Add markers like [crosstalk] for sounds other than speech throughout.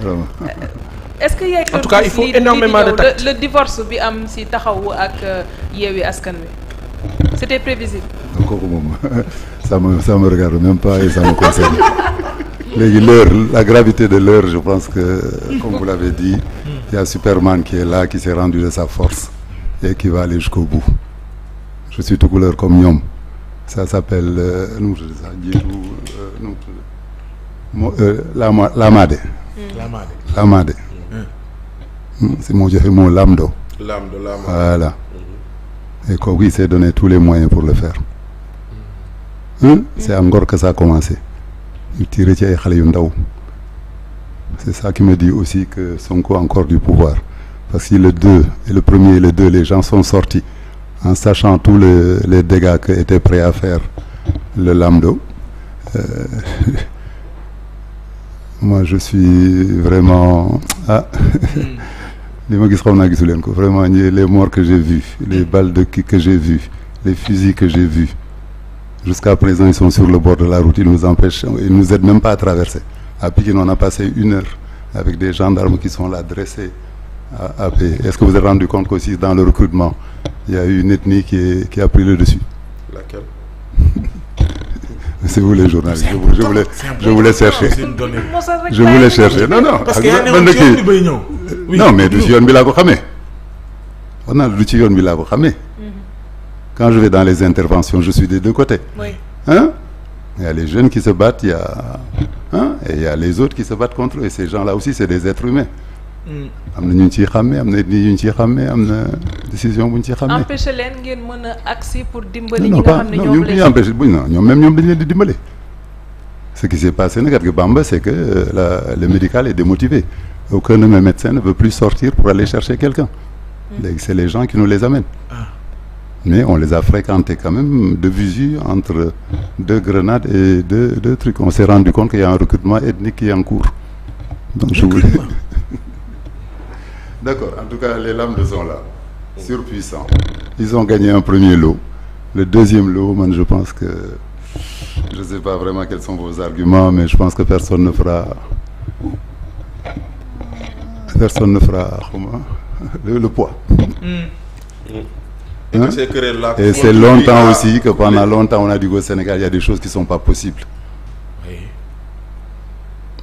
vraiment. Euh, est-ce que yaay en tout cas il faut énormément de tact le divorce bi am si taxaw ak euh, yeewi askan wi c'était prévisible. donc kooku moom ça me ça me regarde même pas et ça me concerne [laughs] léegi la gravité de l'heure je pense que comme vous l'avez dit il y a Superman qui est là qui s'est rendu de sa force et qui va aller jusqu'au bout je suis tout couleur comme ñoom ça s'appelle euh, nu mu Lamade Mm. Lamade. c'est mm. mon jëfe moo Lamdo. Lamdo Lamade mm-hmm. et kooku il s'est donné tous les moyens pour le faire. Mm. Hein? c'est à que ça a commencé. ñu tiré ci ay xale yu ndaw. c'est ça qui me dit aussi que son a encore du pouvoir parce que le deux et le premier et le deux les gens sont sortis en sachant tous les les dégâts que était prêt à faire le Lamdo. Euh, [laughs] moi je suis vraiment ah li ma gis xaw naa gisu leen ko vraiment ñi les morts que j'ai vus les hmm. balles de que j'ai vues les fusils que j'ai vus jusqu'à présent ils sont sur le bord de la route ils nous empêchent ils nous aident même pas à traverser à Pikine on a passé une heure avec des gendarmes qui sont là dressés à, à est-ce que vous êtes rendu compte qu'aussi dans le recrutement il y a eu une ethnie qui est, qui a pris le dessus si les journalistes je vous je vous je vous les chercher je vous les chercher non non. parce que ah, bay non mais du ci yoon bi laa ko xamee. wax naa du ci yoon bi laa ko xamee. quand je vais dans les interventions je suis des deux côtés. oui y a les jeunes qui se battent il y a hein et il y a les autres qui se battent contre eux ces gens-là aussi c'est des êtres humains. am na ñu ñu ciy xàmmee am na nit ñu ñu ciy xàmmee am na décision bu ñu ciy xàmmee. empêché leen ngeen mën a agsi pour dimbali. ñi nga ñu empêché buñ non même ñoom dañu leen di dimbali. ce qui s'est passé nag ak Bamba c'est que euh, la le médical est démotivé aucun de mes médecins ne veut plus sortir pour aller chercher quelqu'un mm. léegi c'est les gens qui nous les amènent ah. mais on les a fréquentés quand même de visu entre deux grenades et deux deux trucs on s'est rendu compte qu'il y a un recrutement ethnique qui est [laughs] D'accord. En tout cas, les Lambes sont là, surpuissants. Ils ont gagné un premier lot. Le deuxième lot, man, je pense que je ne sais pas vraiment quels sont vos arguments, mais je pense que personne ne fera personne ne fera comment le, le poids. Mmh. Et c'est longtemps a... aussi que pendant longtemps on a dit qu'au Sénégal il y a des choses qui sont pas possibles. Oui.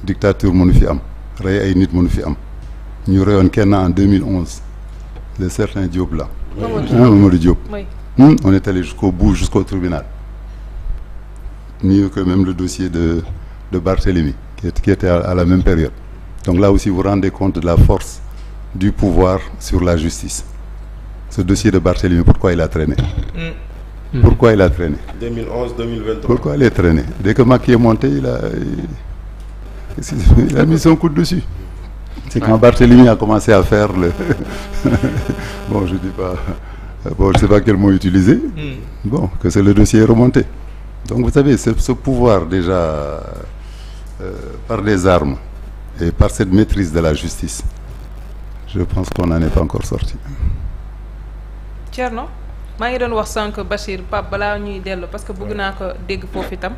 dictature mënu fi am rey ay nit mënu fi am. ñu reyoon kenn en 2011 le certain Diop là. Mamadou Diop hmm? on est allé jusqu'au bout jusqu'au tribunal mieux que même le dossier de de Barthélemy qui, était à, la même période donc là aussi vous rendez compte de la force du pouvoir sur la justice ce dossier de Barthélemy pourquoi il a traîné mmh. pourquoi il a traîné 2011 2023 pourquoi il a traîné dès que Macky est monté il a mis son coup dessus C'est quand Barthélemy a commencé à faire le. [laughs] bon, je ne dis pas. sais pas quel mot utiliser. Hmm. que c'est le dossier remonté. Donc, vous savez, ce, pouvoir, déjà, euh, par des armes et par cette maîtrise de la justice, je pense qu'on n'en est pas encore sorti. Thierno, maa ngi doon wax sànq Bachir Pape balaa ñuy dellu parce que bëgg naa ko dégg foofu itam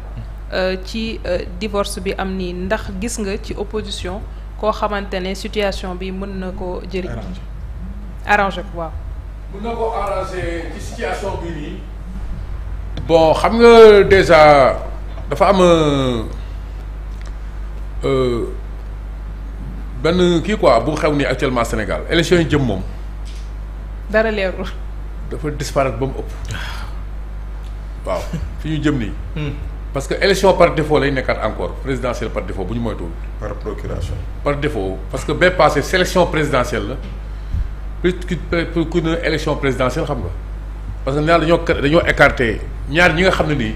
euh, ci euh, divorce bi am nii ndax gis nga ci opposition. koo xamante ne situation bi mën na ko jëriñ arrangé ko waaw mën na ko arrangé ci situation bi nii bon xam nga déjà dafa am euh, benn kii koi bu xew ni actuellement Sénégal élection yi jëm moom dara leerul dafa disparaître ba mu ëpp ah. waaw fi ñu jëm nii hmm. parce que élection par défaut lay nekkaat encore présidentielle par défaut bu ñu moytuwul. par par défaut parce que bee passé sélection présidentielle la plus pour ku ne élection présidentielle xam nga parce que ñaar dañoo dañoo écarté ñaar ñi nga xam ne nii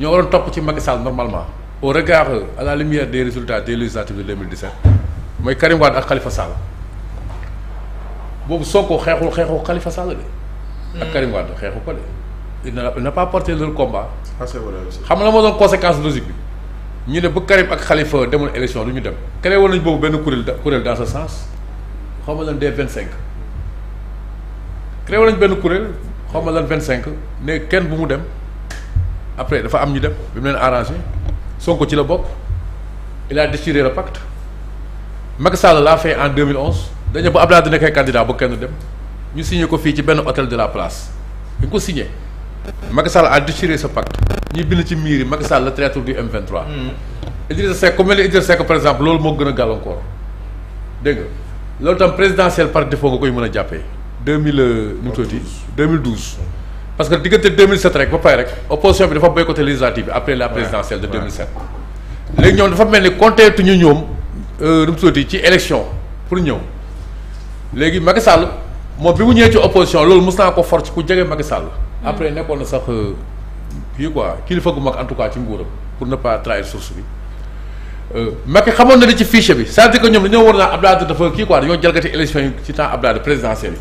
ñoo waroon topp ci Macky Sall normalement. au regard à la lumière des résultat des législatives de 2017 mooy Karim Wade ak Khalifa Sall boobu Sonko xeexul xeexu Khalifa Sall de. ak Karim xeexu ko de. il n'a il pas porté leur combat. ah c'est vrai aussi. xam na la moo doon conséquence logique bi ñu ne bu Karim ak Khalifa demul élection du ñu dem créé woon nañu boobu benn kuréel kuréel dans ce sens xaw ma lan des vingt cinq créé woon nañu benn kuréel xaw ma lan vingt cinq ne kenn bu mu dem après dafa am ñu dem bi mu leen arrangé Sonko ci la bokk il a déchiré le pacte Macky Sall l'a fait en 2011 dañu bu Abdoulaye di nekkee candidat bu kenn dem ñu signé ko fii ci benn hôtel de la place ñu ko signé. Macky Sall a déchiré ce pacte ñuy bind ci miir yi Macky Sall la traître du M23. Idrissa Seck ku mel ni Idrissa par exemple loolu moo gën a gàllankoor dégg loolu tam présidentielle par défaut nga koy mën a jàppee deux mille euh, nu mu tuddati deux mille douze. parce que diggante 2007 rek ba pare rek opposition bi dafa boycotté législative après la présidentielle de 2007. léegi ñoom dafa mel ni compté tuñu ñoom euh, nu mu ci élection pour ñëw léegi Macky Sall moom bi mu ñëwee ci opposition loolu mos naa ko for ku jege Macky Sall. après nekkoon na sax euh, kii quoi kilifa gu mag en tout cas ci nguuram pour ne pas trahir source bi euh, Macky xamoon na li ci fiche bi c'est-à-dire que ñoom dañoo war naa Abdoulaye dafa kii quoi dañoo jalgati élection yi ci temps Abdoulaye présidentielle yi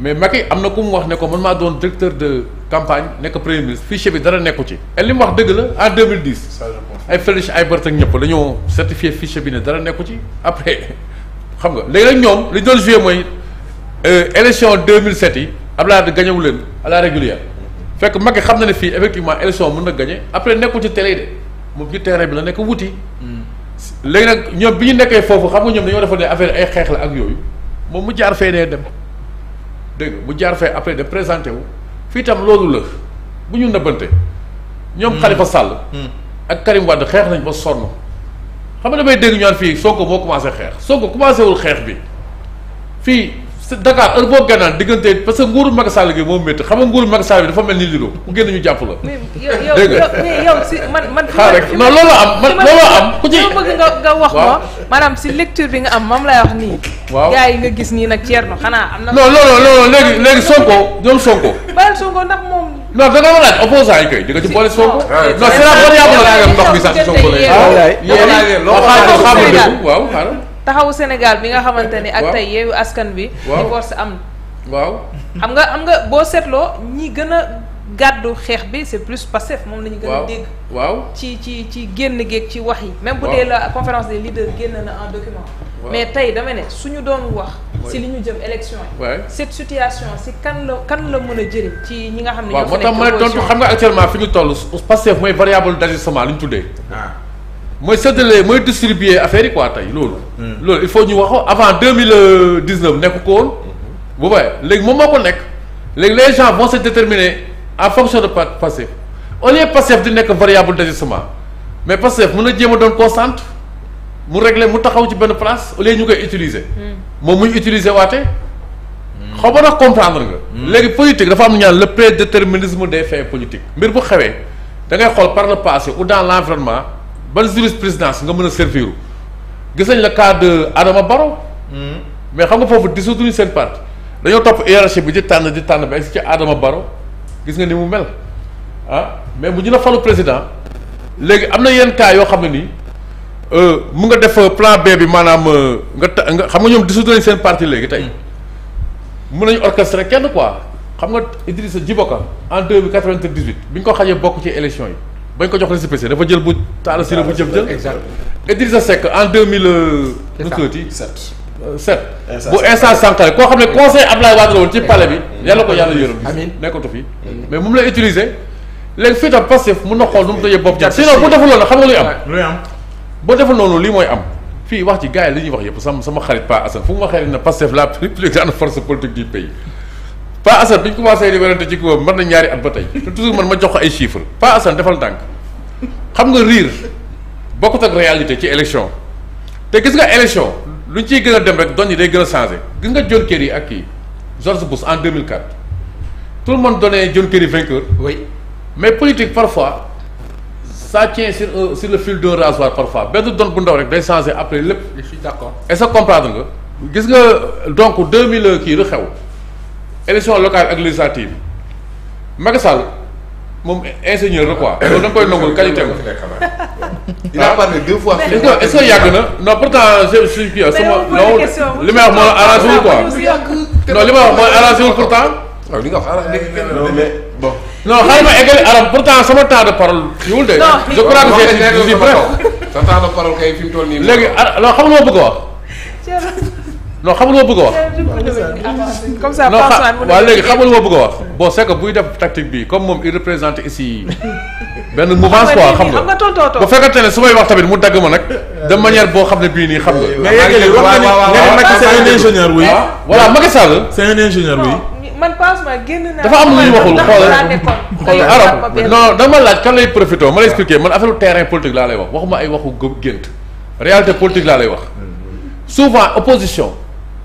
mais Macky am na ku mu wax ne ko man maa doon directeur de campagne nekk premier ministre fichier bi dara nekku ci et li mu wax dëgg la en 2010 ay Félix ak ñëpp dañoo certifié fichier bi ne dara nekku ci après xam nga léegi nag ñoom li ñu doon joué mooy euh, élection 2007 yi Abdoulaye gagné wu leen à la régulière fekk Macky xam na ne fii effectivement élection mën na gagné après nekkul ci télé yi de moom ci terrain bi la nekk wuti. léegi nag ñoom bi ñu nekkee foofu xam nga ñoom dañoo defoon ne affaire ay xeex la ak yooyu moom mu jaar fee nee dem dégg mu jaar fee après de présenté wu fii tam loolu la bu ñu nëbbante. ñoom hmm. Khalifa sàll hmm. ak Karim Wade xeex nañ ba sonn. xam nga damay dégg ñu naan fii soo ko moo commencé xeex Sonko commencé wul xeex bi fii Dakar heure boo gànnaan diggante parce que nguuru Macky Sall gi moom métti xam nga nguuru bi dafa mel ni lilo ku génn ñu jàpp la. dégg nga man man. am man loolu am. ku ci bëgg nga wax ma. maanaam si lecture bi nga am moom lay wax nii. waaw gars yi nga gis nii nag Thierno xanaa am na. non loolu loolu léegi léegi Sonko ñoom Sonko. bàyyil Sonko ndax moom. non da nga a laaj opposant yi kay di nga ci boole Sonko. non c'est la bonne yàlla ndox bi sax Sonko lay. waaw waaw waaw taxawu Sénégal bi nga xamante ni ak tey yeewu askan bi divorce am waaw xam nga xam nga boo seetloo ñi gën a gàddu xeex bi c'est plus Pastef moom la ñu gën a dégg waaw ci ci ci génn géeg ci wax yi même bu dee la conférence des leaders génn na en document mais tey dama ne suñu doon wax si li ñu jëm élection yi cette situation si kan la kan la mën a jëriñ ci ñi nga xam ne waaw moo tax ma ne tontu xam nga actuellement mooy variable d'ajustement li ñu tuddee ah. mooy séddale mooy distribuer affaire yi quoi tey loolu. Hmm. loolu il faut ñu wax avant deux mille dix neuf nekk ko woon. bu hmm. baaxee léegi moom moo ko nekk léegi les gens vont se déterminer en fonction de Pastef au lieu Pastef di nekk variable d'ajustement mais Pastef mën na jéem a doon constante mu régler mu taxaw ci benn place au lieu ñu koy utiliser. Hmm. moom muy utiliser waate. xaw ma nag comprendre nga. léegi politique dafa am ñaan le prédéterminisme des faits politiques mbir bu xewee da ngay xool par le passé ou dans l'environnement. ban présidence nga mën a servir gis nañ la cas de Adama Barrow hmm. mais xam nga foofu dissoudre seen parti dañoo topp hiérarchie bi di tànn di tànn ba egg ci aadama Barrow gis nga ni mu mel ah mais bu ñu la falu président léegi am na yenn cas yoo xam ne nii euh, mu nga def euh, plan B bi maanaam euh, nga ta nga xam nga ñoom dissoudre seen parti léegi tey mun hmm. nañu orchestrer kenn quoi xam nga Idrissa Djiboka en 1998 bi ñu ko xajee bokk ci élection yi. bañ ko jox si dafa jël bu Talla Sylla bu jëm jël. exactement Idrissa en deux mille. Euh, nu tuuti sept. Euh, bu instant Sankharé koo xam ne conseil Abdoulaye Wade la woon ci palais bi. yàlla ko yàlla yërëm. amiin nekkatu fi. mais mu lay utiliser léegi fii tam Pastef mun na xool nu mu tëjee bopp. jàpp si sinon bu deful loolu xam nga luy am. luy am noonu lii mooy am. fii wax ci gars li ñuy wax yëpp sama sama xarit Pa Assane fu mu waxee ne Pastef la plus grande force politique par Assane bi ñu commencé di werante ci kawam mën na ñaari at ba tey te toujours man ma jox ko ay chiffres Pa Assane defal ndànk xam nga riir bokkut ak réalité ci élection te gis nga élection luñ ciy gën a dem rek don yi day gën a changé gis nga John yi ak kii George Bush en 2004 tout le monde donnait John Kerry vainqueur oui mais politique parfois ça tient sur un, sur le fil d'un rasoir parfois benn don bu ndaw rek day changé après lépp. je suis d'accord est-ce nga. gis nga donc 2000 kii lu xew. élection locale ak législative Macky Sall moom ingénieur la quoi. loolu da nga koy nangul qualité ma. il a parlé deux fois. yàgg na non pourtant je suis kii sama non li may wax moo arrangé wul quoi non mooy arrangé wul pourtant. waaw ah, li nga wax arrangé non sama temps de parole yiwul de. je crois que de parole kay fi mu toll nii. léegi alors xam nga ma wax. non xamul ma bëgg a wax. comme ça waaw léegi xamul ma bëgg a wax. boo c'est buy def tactique bi comme moom il représente ici benn mouvance quoi xam nga bu fekkente ne su may wax tamit mu dagg ma nag ma manière boo xam ne bii nii xam nga. mais yeggali wax nga ni nga ne Macky c'est un ingénieur oui. ne Macky Sall. c'est un ingénieur oui. Ah, man franchement génn naa. dafa am lu ñu waxul xoolal arab non dama laaj kan lay profité ma lay expliqué man affaire terrain politique laa lay wax waxuma ay waxu gëm gént réalité politique laa lay wax hmm. souvent opposition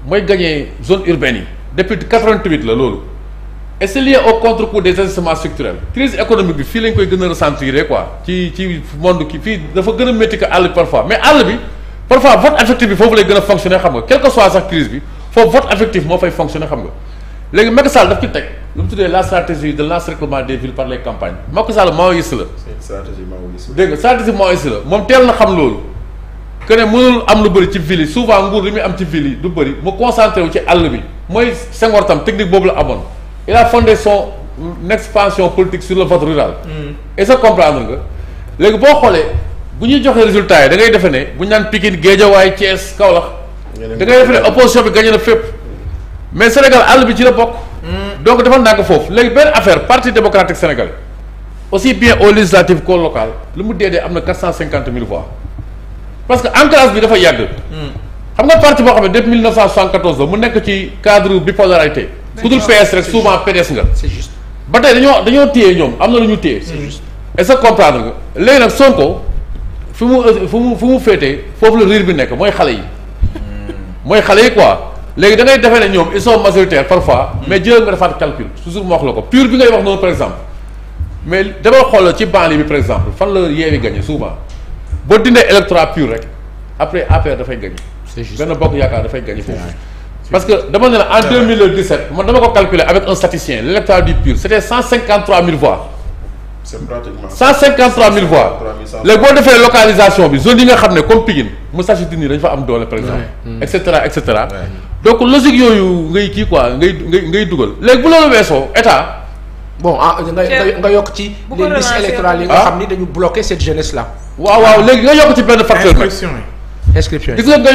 mooy gagné zone urbaine yi depuis 88 la loolu et c'est lié au contre-coup des ajustements structurels crise économique bi fii lañ koy gën a ressentir quoi ci ci monde ki fii dafa gën a métti que àll bi parfois mais àll bi parfois vote affectif bi foofu lay gën fonctionner xam nga quel que soit sax crise bi foofu vote affectif moo fay fonctionner xam nga léegi Macky Sall daf ci teg lu mu tuddee la stratégie de l'encerclement des villes par les moom teel na xam loolu. que ne mënul am lu bëri ci ville souvent nguur li muy am ci ville yi du bëri mu concentré wu ci àll bi mooy Senghor tam technique boobu la amoon il a fondé son expansion politique sur le vote rural. Mm. et ça comprendre nga léegi boo xoolee bu ñuy joxee résultat yi da ngay defe ne bu ñu naan Pikine Guédiawaye Thiès Kaolack. da ngay defe ne opposition bi gagné na fépp. mais Sénégal àll bi ci la bokk. Mm. donc dafa ndànk foofu léegi benn affaire parti démocratique sénégalais aussi bien aux législatives qu'aux locales lu mu dee dee am na quatre cent cinquante mille parce que ancrage bi dafa yàgg. xam nga parti boo xam ne depuis 1974 la mu nekk ci cadre bipolarité. ku dul PS rek souvent PDS nga. c'est juste ba tey dañoo dañoo téye ñoom am na lu ñu téye. c'est juste est-ce que comprendre nga léegi nag Sonko fi mu fi mu fi mu féetee foofu la riir bi nekk mooy xale yi. Hmm. mooy xale yi quoi léegi da ngay defee ne ñoom ils sont parfois. Hmm. mais jëlal nga defaat calcul toujours ma wax la ko pur bi ngay wax noonu par exemple mais dama xool ci banlieue bi par exemple fan la Yewwi gagné souvent. boo dindee électorat pur rek après APR dafay gagné. benn bokk yaakaar dafay gagné foofu. parce que dama ne la en 2017 man dama ko calculer avec un statisticien l'électorat du pur c'était 153 000 voix. c'est pratiquement 153 000 voix. léegi boo defee localisation bi zone yi nga xam ne comme Pikine Moustarchidine dañ fa am doole par exemple. Hmm. et cetera et cetera. donc logique yooyu ngay kii quoi ngay ngay ngay dugal léegi bu loolu weesoo état. bon ah nga nga yokk ci les listes électorales yi nga xam ni dañu bloqué cette jeunesse là. Ah. waaw waaw léegi nga yokk ci benn facteur nag. inscription yi.